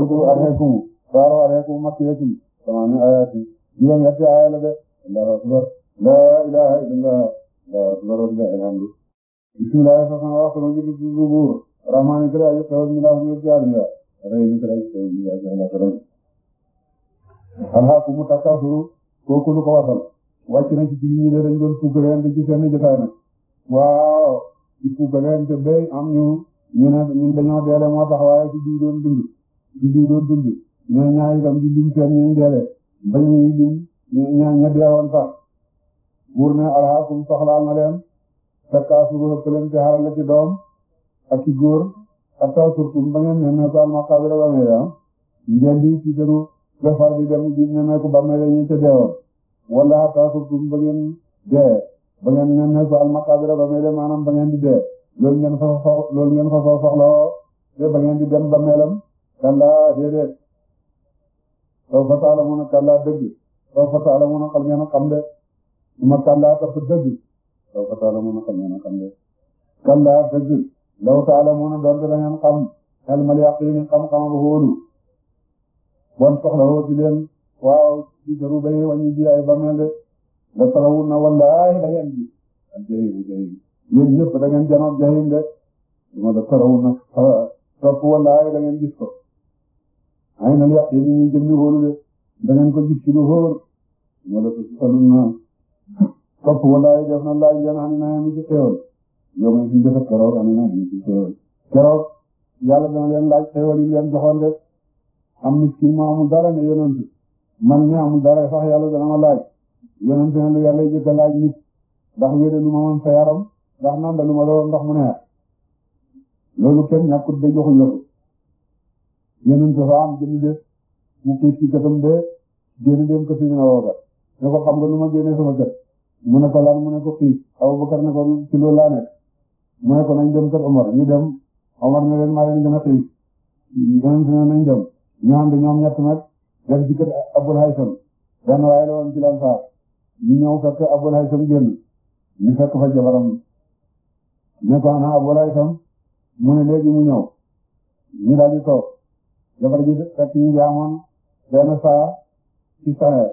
ud'u axaakum saaru axaakum makkiyakum samaani ayaati juróom ñetti aaya la de allahu akbar laa ilaaha illallah allahu akbar walillahi alhamdu bismillahi soxna wax sama jibi si buur rahmaani kala aji xewal mi laa xumir jaariya rahimi kala aji xewal mi laa jaala karam alhaakumu takasuru kooku lu ko wasal wàcc na ci biir ñi de dañ doon fukkareen di ci seen jotaay nag waaw ci fukkareen te bay am ñu ñu ne ñun dañoo deele moo tax waaye ci biir doon dund guddi doo dund ñoo ñaar itam di lim seen ñeen deelee ba ñuy lim ña ña deewoon sax buur ne alhaakum soxlaal na leen takkaasuru hëkkalante xarala ci doom ak ci góor ak taasurtum ba ngeen nemmeeku almaqaabira bàmmeela ah. ngeen di ci tëru defar di dem di nemmeeku bàmmeela ñu ca deewoon wala taasurtum ba ngeen dee ba ngeen nemmeeku almaqaabira bàmmeela maanaam ba ngeen di dee loolu ngeen fa soxla loolu ngeen fa soxla te ba ngeen di dem bàmmeelam kallaa déedéet sawfa ta'lamuuna kallaa dëgg sawfa ta'lamuuna xam ngeen a xam de summa kallaa topp dëgg sawfa ta'lamuuna xam ngeen a xam de kallaa dëgg law ta'lamuuna doonte da ngeen xam ilmal yaqiin xam-xam bu wóolu bon soxla woo ci leen waaw ci daru bay waññi ji ay bamel de la tarawunna wallaahi da ngeen ji al jahiim jahiim yéen ñëpp da ngeen janoog jahiim de suma la tarawunna topp wallaahi da ngeen gis ko ay na yàq ñu jëm lu wóoru de da ko gis ci lu wóor wala tusalun na topp walaay def na laaj leen xam naa mi ci xéewal yow ma suñu defee keroog am na mi ci xéewal keroog yàlla dana leen laaj xéewal yi leen joxoon de am miskin ma amul dara ne yonent man mi amul dara sax yàlla dana ma laaj yonent na lu yàlla jëkk a laaj nit ndax wéde lu ma mën sa yaram ndax nanda lu ma doon ndox mu neex loolu kenn ñàkkut de joxuñ la ko yonent dafa am jënd bés mu xiit ci gëtam bee génn ko Sidina Abubakar ne ko xam nga lu ma génnee sama gët mu ne ko lan mu ne ko xiit Abubakar ne ko ci loolu laa nekk mu ne ko nañ dem kër Omar ñu dem Omar ne leen maa leen gën a xiit yonent ne nañ dem ñu ànd ñoom ñett nag def ci kër Abul Haytham benn waaye la woon ci Ansaar ñu ñëw fekk Abul Haytham génn ñu fekk fa jabaram ne ko ana Abul Haytham mu ne léegi mu ñëw ñu daal di toog dafa gis fekk ñu jaamoon benn saa ci saa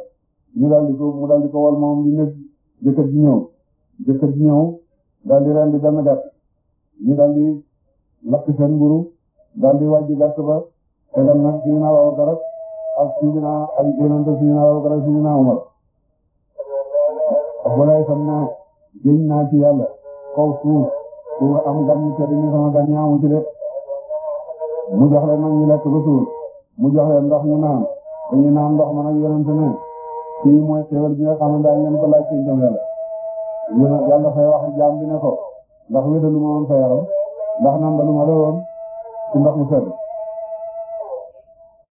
ñu daal di ko mu daal di ko wal moom di nekk jëkkër ji ñëw jëkkër ji ñëw daal di rendi benn gàtt ñu daal di lakk seen mburu daal di wàjji gàtt ba tegal na suñu naa waaw garab ak suñu naa ak yonante suñu naa waaw garab suñu naa umar abulaay sam naa géñ naa ci yàlla kaw suuf ku am gan ñu tedd ni sama gan ñaamu ci de mu jox leen nag ñu lekk ba suur mu jox leen ndox mi naan te ñu naan ndox ma nag yonent ne kii mooy xéwal bi nga xam ne daañu leen ko laaj seen jëm yàlla yéen yàlla fay wax jaam bi ne ko ndax wétalu ma woon sa yaram ndax naan da lu ma la woon ci ndox mu sedd